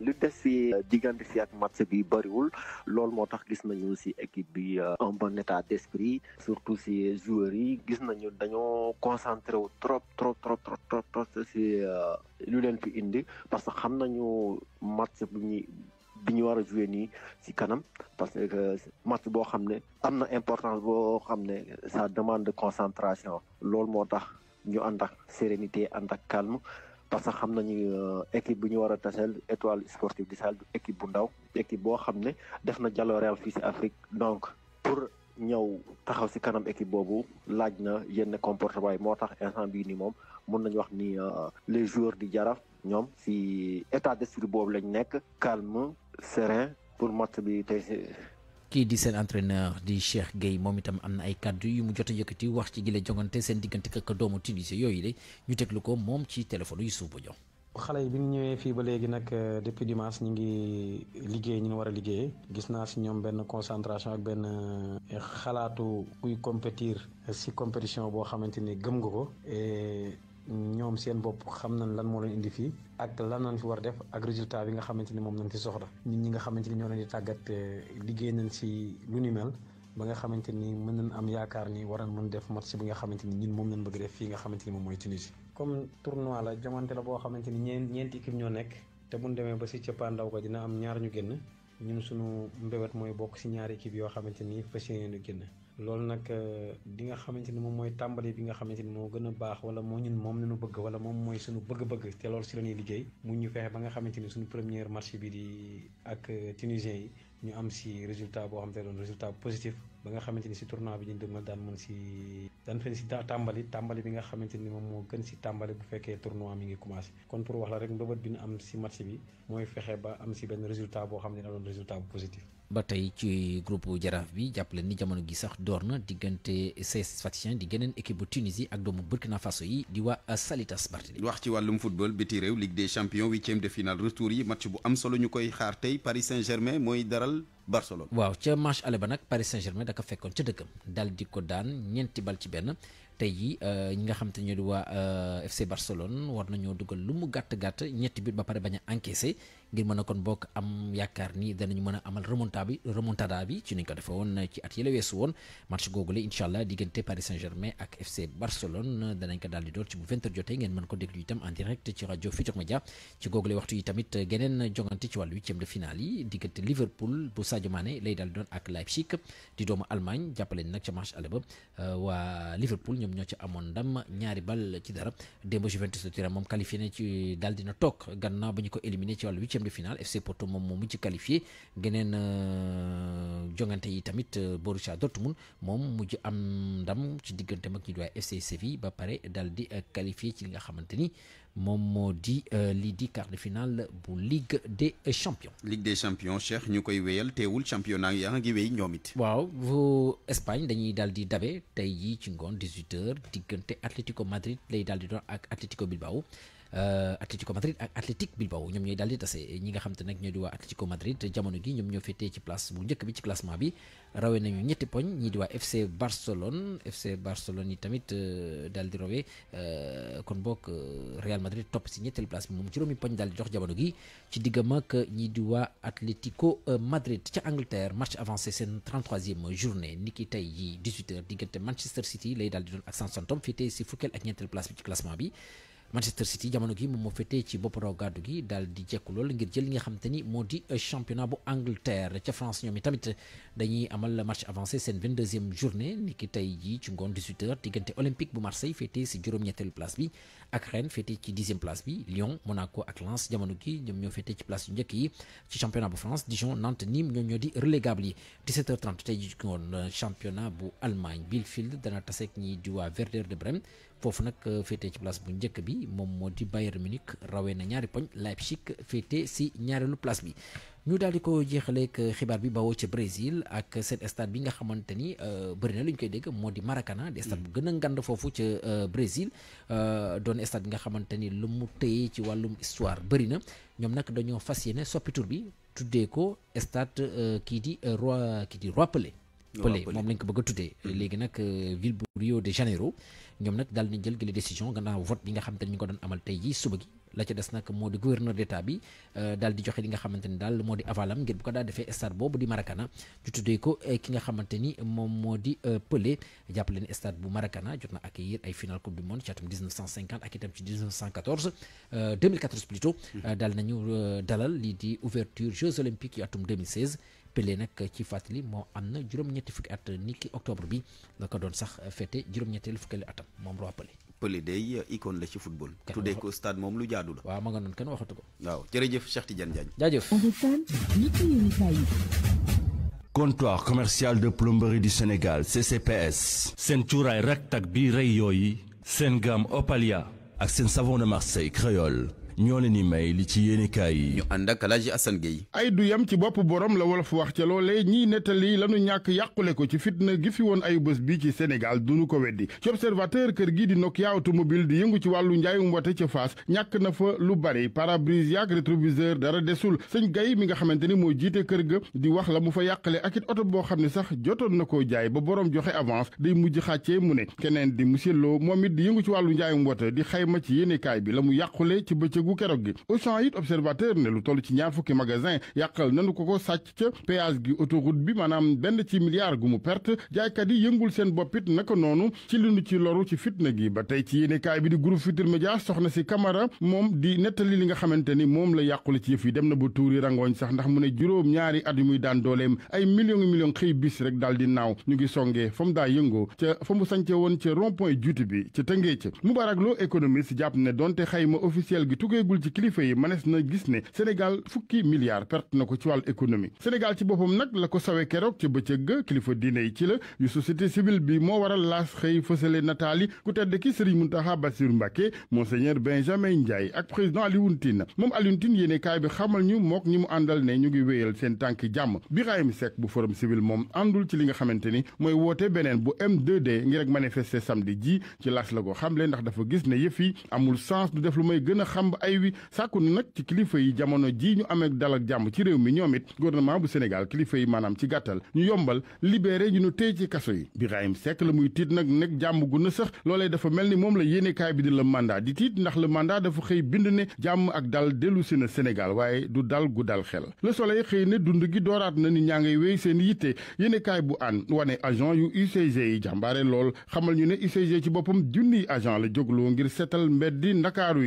li des si euh, diggante si ak match bi bëriwul loolu moo tax gis nañu si équipe bi euh, un bon état d'esprit surtout si joueurs yi gis nañu dañoo concentré wu trop trop trop trop trop si euh, lu leen fi indi parce que xam nañu match bu ñuy bi ñu war a joué nii ci kanam parce que match boo xam ne am na importance boo xam ne sa demande concentration loolu moo tax ñu ànd ak sérénité ànd ak calme parce que xam nañu euh, équipe bi ñu war a taseel étoile sportive du Sahel équipe bu ndaw équipe boo xam ne def na jàlloo fii si Afrique donc pour ñëw taxaw si kanam équipe boobu laaj na yenn comportement yi moo tax instant bii nii moom mun nañu wax ni euh, les joueurs di Jaraaf ñoom si état d'esprit boobu lañ nekk calme serein pour match bi te kii di seen entraîneur di Cheikh Gueye moom itam am na ay kàddu yu mu jot a yëkkati wax ci gile jongante seen diggante ak doomu Tunisie yooyu de ñu teglu ko moom ci téléphone yu suubu jox xale yi bi ñu ñëwee fii ba léegi nag euh, depuis dimanche ñu ngi liggéey ñu war a liggéey gis naa si ñoom benn concentration ak benn euh, xalaatu kuy compétir si compétition boo xamante ni gëm nga ko ñoom seen bopp xam na lan moo leen indi fii ak lan lañ fi war def ak résultat bi nga xamante ni moom lañ fi soxla ñun ñi nga xamante ni ñoo leen di tàggat liggéey na si lu ni mel ba nga xamante ni mën nañ am yaakaar ni war nañ mën def match bi nga xamante ni ñun moom lañ bëgg def fii nga xamante ni moom mooy Tunisie. comme tournoi la jamante la boo xamante ni ñeen ñeenti équipe ñoo nekk te mun demee ba si cëppaandaw ko dina am ñaar ñu génn ñun suñu mbébét mooy bokk si ñaari équipe yoo xamante ni fas yéene ñu génn. loolu nag di euh, nga xamante ni moom mooy tàmbali bi nga xamante ni moo gën a baax wala moo ñun moom la ñu bëgg wala moom mooy suñu bëgg-bëgg te loolu si la ñuy liggéey mu ñu fexe ba nga xamante ni suñu première marché bi di euh, am si résultat boo xam te doon résultat positif ba nga xamante ni si tournoi bi ñu dëgmal daan mën si daan fen si bi nga xamante ni moom moo gën si tàmbali bu fekkee tournoi mi ngi commencé kon pour wax la rek bi ñu am si match bi mooy fexe ba am si benn résultat boo xam ne da doon résultat bu positif ba tey ci groupe jaraaf bi jàppale ni jamono gi sax door na diggante satisfaction di geneen équipe bu Tunisie ak doomu Burkina Faso yi di waa Salitas Barthélémy wax ci wàllum football biti réew Ligue des champions huitième de finale retour yi match bu am solo ñu koy xaar tey Paris Saint-Germain mooy daral Barcelone. waaw ca match aller ba nag Paris Saint-Germain da ko fekkoon ca dëkkam dal di ko daan ñeenti bal ci benn. tey jii euh, ñi nga xam te ñoo di waa euh, FC Barcelone war nañoo dugal lu mu gàtt gàtt ñetti but ba pare bañ a encaissé ngir mën a kon bokk am yaakaar ni danañu mën a amal remontada bi remontada bi ci niñ ko defee woon ci at yële weesu woon match googule incha allah diggante Paris Saint-Germain ak FC Barcelone danañ ko daal di door ci bu 20h jotee ngeen mën ko déglu itam en direct ci rajo Futur Media ci googule waxtu yi tamit geneen jongante ci wàllu huitième de finale yi diggante Liverpool bu Sadio Mané lay daal di doon ak ñoom ñoo ci amoon ndam ñaari bal ci dara démb Juventus de moom qualifié na ci daal dina toog gannaaw ba ñu ko éliminé ci wàllu huitième de finale FC Porto moom moo mujj qualifié geneen euh, jongante yi tamit euh, Borussia Dortmund moom mujj am ndam ci diggante mag ñi di FC Séville ba pare daal di euh, qualifié ci nga xamante ni Mon mot euh, di quart de finale pour Ligue des champions. Ligue des champions cher, nous croyons wéyal le championnat yaa Wow, vous Espagne dañuy ci 18h Atlético Madrid lay daal Atlético Bilbao. Euh, Atlético Madrid ak Athletic Bilbao ñom ñooy daal di tase ñi nga xam nak nag di wa Atlético Madrid jamono gi ñom ñoo féetee ci place bu ñëk bi ci classement bi rawé nañu ñetti poñ ñi di wa FC Barcelone FC Barcelone ni tamit euh, daal di euh, kon bok Real Madrid top ci ñetteelu place bi ci romi poñ daal di dox jamono gi ci digam ak ñi di wa Atlético Madrid ci Angleterre match avancé sen 33e journée niki tay tey 18h diggante Manchester City lay daal di doon ak Southampton féetee si fukel ak ñetteel place bi ci classement bi Manchester City jamono gi moom fété ci bopp raw gàddu gi dal di jekku lol ngir jël nga xam te euh, championnat bu Angleterre ci France ñomi tamit dañuy amal match avancé sen 22e journée niki tay ji ci ngoon 18h diggante Olympique bu Marseille fété ci juróom-ñetteelu place bi ak Rennes fété ci dixième place bi Lyon Monaco ak Lens jamono gi ñom ñoo fété ci place yu njëkk yi ci championnat bu France Dijon Nantes Nîmes ñoom ñoo di relégable yi 17h30 tay ji ci ngoon euh, championnat bu Allemagne Bielefeld dana ak ñi di wa Werder de Bremen foofu nag euh, féetee ci place bu njëkk bi moom moo di Bayern Munich rawee na ñaari poñ Leipzig féetee si ñaareelu place bi ñu daal di ko jeexaleeg xibaar bi bawo ca Brésil ak seen stade bi nga xamante ni euh, bëri na lu koy dégg moo di Maracana di stade bu mm. gën a ngand foofu ca euh, Brésil doon stade bi nga xamante ni lu mu tëye ci wàllum histoire bëri na ñoom nag dañoo fas yéene soppi bi tuddee ko stade kii di roi kii di roi Pelé moom lañ ko bëgg a tuddee mm. léegi nag ville bu Rio de Janeiro ñom nak dal ni jël gi décision gannaaw vote bi nga xamante ñu ko don amal tay jii suba gi la ci dess nak modi gouverneur d'état bi euh dal di joxe li nga xamante dal modi avalam ngir bu ko daal defee stade bobu di Maracana ju tuddee ko euh, ki nga xamante mom modi euh Pelé japp ne stade bu Maracana jot na accueillir ay final coupe du monde ci atum 1950 ak itam ci 1914 euh 2014 plutôt hum. euh, dal nañu euh, dalal li di ouverture Jeux olympiques yu atum 2016 Pelé nak ci fatali mo amna juroom juróom-ñetti fukki at ni ki octobre bi da ko doon sax fété juroom ñettel fukkeelu atam mom roi Pelé. Pelé day icône la ci football. tudé ko stade mom lu jaadu la. waaw ma nga non ken waxatu ko. waaw jërëjëf Cheikh Tidiane Diagne. jaajëf. comptoir commercial de plomberie du Sénégal CCPS seen cuuraay raktak bi ray yoy sen gam Opalia ak sen savon de Marseille créole ñoo leen ni may li ci yéenekaay yi. ñu ànd ak Alaaji Assane Gueye. ay du yam ci bopp borom la wolof wax ca loolee ñiy nettali lanu ñàkk yàqule ko ci fitna gi fi woon ay bës bi ci Sénégal nu ko weddi ci observateur kër gi di Nokia automobile di yëngu ci wàllu njaayum wate ca ñàkk na fa lu bari pare-brise yaak dara desul sëñ gay mi nga xamante ni moo jiite kër ga di wax la mu fa yàqale ak it oto boo xam ne sax jotoon na ko jaay ba borom joxe avance day mujj xàccee mu ne keneen di monsieur Lo moom it di yëngu ci wàllu njaayum wate di xayma ci yéenekaay bi la mu yàqule bëccëgu keroog gi Auchan it observateur ne lu toll ci ñaar fukki magasin yàqal nanu ko ko sàcc ca péage gi autoroute bi maanaam benn ci milliard gu mu perte jaaykat yi yëngul seen boppit naka noonu ci li ci loru ci fitna gi ba tey ci yéenekaay bi di groupe Futurs Médias soxna si Camara moom di nettali li nga xamante ni moom la yàqule ci yëf dem na ba tuuri rangooñ sax ndax mu ne juróom ñaari at yu muy daan dooleem ay millions yu millions xëy bis rek daal di naaw ngi songee fa mu daa yëngoo ca fa mu sañce woon ca rond point juuti bi ca Tëngéej Moubarak Lo économiste jàpp ne donte xayma officiel gi jógeegul ci kilifa yi mënees na gis ne Sénégal fukki milliards perte na ko ci wàllu économie Sénégal ci boppam nag la ko sawe keroog ca bëccëg kilifa diine yi ci la yu société civile bi moo waral laas xëy fësale nataali ku tedd ki Serigne Mountakha Bassirou Mbacké Monseigneur Benjamin Ndiaye ak président Alioune Tine moom Alioune Tine yéene kaay bi xamal ñu mook ñi mu àndal ne ñu ngi wéyal seen tànki jàmm Birahim Seck bu Forum Civil moom àndul ci li nga xamante ni mooy woote beneen bu M2D ngir rek a ay wi sàkku na nag ci kilifa yi jamono jii ñu amee dal jàmm ci réew mi ñoom it gouvernement bu Sénégal kilifa yi maanaam ci gàttal ñu yombal libéré ñu nu téy ci kaso yi Birahim Seck la muy tiit nag nekk jàmm gu na sax loolee dafa mel ni moom la yéenekaay bi di la mandat di tiit ndax le mandat dafa xëy bind ne jàmm ak dal dellu si na Sénégal waaye du dal gu dal xel le soleil xëy ne dund gi dooraat na ni ñaa ngay wéy seen yitte yéenekaay bu an wane agent yu yi jàmbaare lool xamal ñu ne UCG ci boppam junniy agent la jógloo ngir setal mbeddi Ndakaaru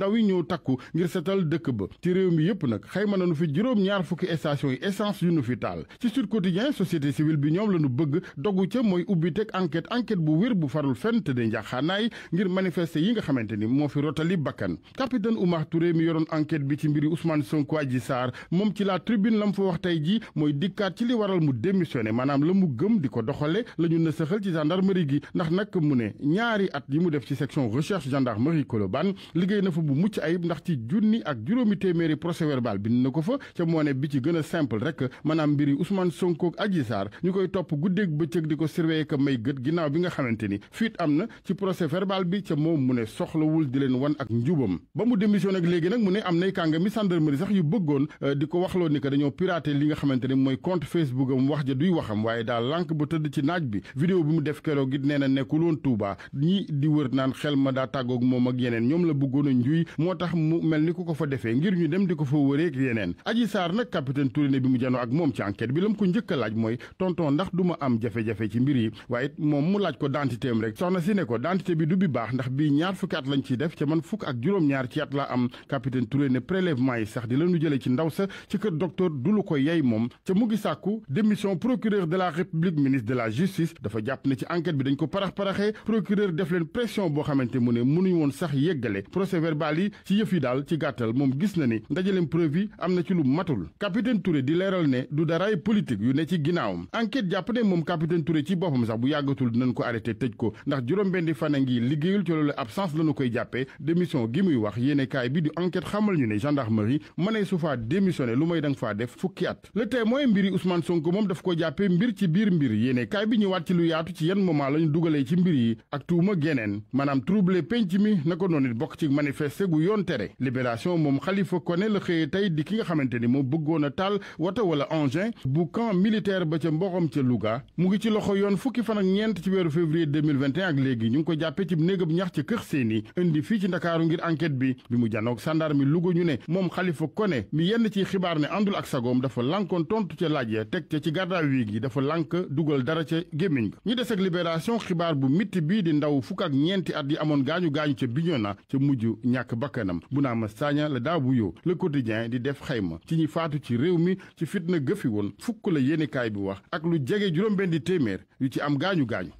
ndaw yi ñëw takku ngir setal dëkk ba ci réew mi yëpp nag xayma nu fi juróom-ñaar fukki station yi essence yu nu fi taal ci Sud Quotidien société civile bi ñoom la ñu bëgg dogu ca mooy ubbi teg enquête enquête bu wér bu farul fenn te de njaxaanaay ngir manifester yi nga xamante ni moo fi rotali bakkan capitaine Oumar Touré mi yoroon enquête bi ci mbiri Ousmane Sonko Adji Sarr moom ci la tribune lam fa wax tey ji mooy dikkaat ci li waral mu démissionné maanaam la mu gëm di ko doxale la ñu nësaxal ci gendarmerie gi ndax nag mu ne ñaari at yi mu def ci section recherche gendarmerie Colobane liggéey na fa bu mucc ayib ndax ci junni ak juroomi téméré procès verbal bi nako fa ci moone bi ci gëna simple rek manam mbiri Ousmane Sonko ak Adji Sarr ñu koy topp guddeeg bëccëg di surveiller ka may gëtt ginaaw bi nga xamanteni fuite amna ci procès verbal bi ci mom mu ne soxlawul di leen won ak njubam ba mu démission nag légui nak mu ne am nay mi gendarmerie sax yu bëggoon euh, di ko waxloo ni ka dañoo pirater li nga xamanteni ni compte Facebook am wax ja duy waxam waye da lank bu teud ci naaj bi vidéo bi mu def kéro gi nee na Touba ñi di wër naan xel ma da tàggoog mom ak yenen ñom la bëggoon njuy bi moo tax mu mel ni ku ko fa defee ngir ñu dem di ko fa wëreeg yeneen Adji Sarr nag capitaine Touré bi mu janoo ak moom ci enquête bi la ko njëkk laaj mooy tonton ndax du ma am jafe-jafe ci mbir yi waaye moom mu laaj ko dentité rek soxna si ne ko dentité bi du bi baax ndax bii ñaar fukki at lañ ciy def ca man fukk ak juróom-ñaar ci at laa am capitaine Touré ne yi sax di lañu jëlee ci ndaw sa ci kër docteur du lu ko moom ca mu ngi la république ministre Ali ci yëf yi daal ci gàttal moom gis na ni ndajalem preuve yi am na ci lu matul capitaine Touré di leeral ne du daraay politique yu ne ci ginnaawam enquête jàpp ne moom capitaine Touré ci boppam sax bu yàggatul dinañ ko arrêté tëj ko ndax juróom-benni fan a ngi liggéeyul ci loolu absence lañu koy jàppee démission gi muy wax yéenekaay bi di enquête xamal ñu ne gendarmerie mënee su faa démissionné lu may danga faa def fukki at le témoin mbiri mbir yi ak tuuma geneen agressé gu yoon tere libération moom Khalifa Koné la xëyee tey di ki nga xamante ni moom bëggoon a taal wata wala engin bu camp militaire ba ca mboxam ca Louga mu ngi ci loxo yoon fukki fan ak ñeent ci weeru février 2021 ak léegi ñu ngi ko jàppe ci néegab ñax ci kër seeni indi fii ci ndakaaru ngir enquête bi bi mu janoo sàndaar mi Louga ñu ne moom xalifa Koné mi yenn ciy xibaar ne àndul ak sagoom dafa lankoon tontu ca laaj ya teg ca ci garda wii gi dafa lànk dugal dara ca gémmiñ ñu des libération xibaar bu mitti bii di ndaw fukk ak ñeenti at yi amoon gaañu gaañu ca Bignona ca mujj bu bakkanam Bounama Sagna la daa wuyoo le quotidien di def xayma ci ñi faatu ci réew mi ci fitna gëfi woon fukk la yéenekaay bi wax ak lu jege juróom-benn di téeméer yu ci am gaañu gaañu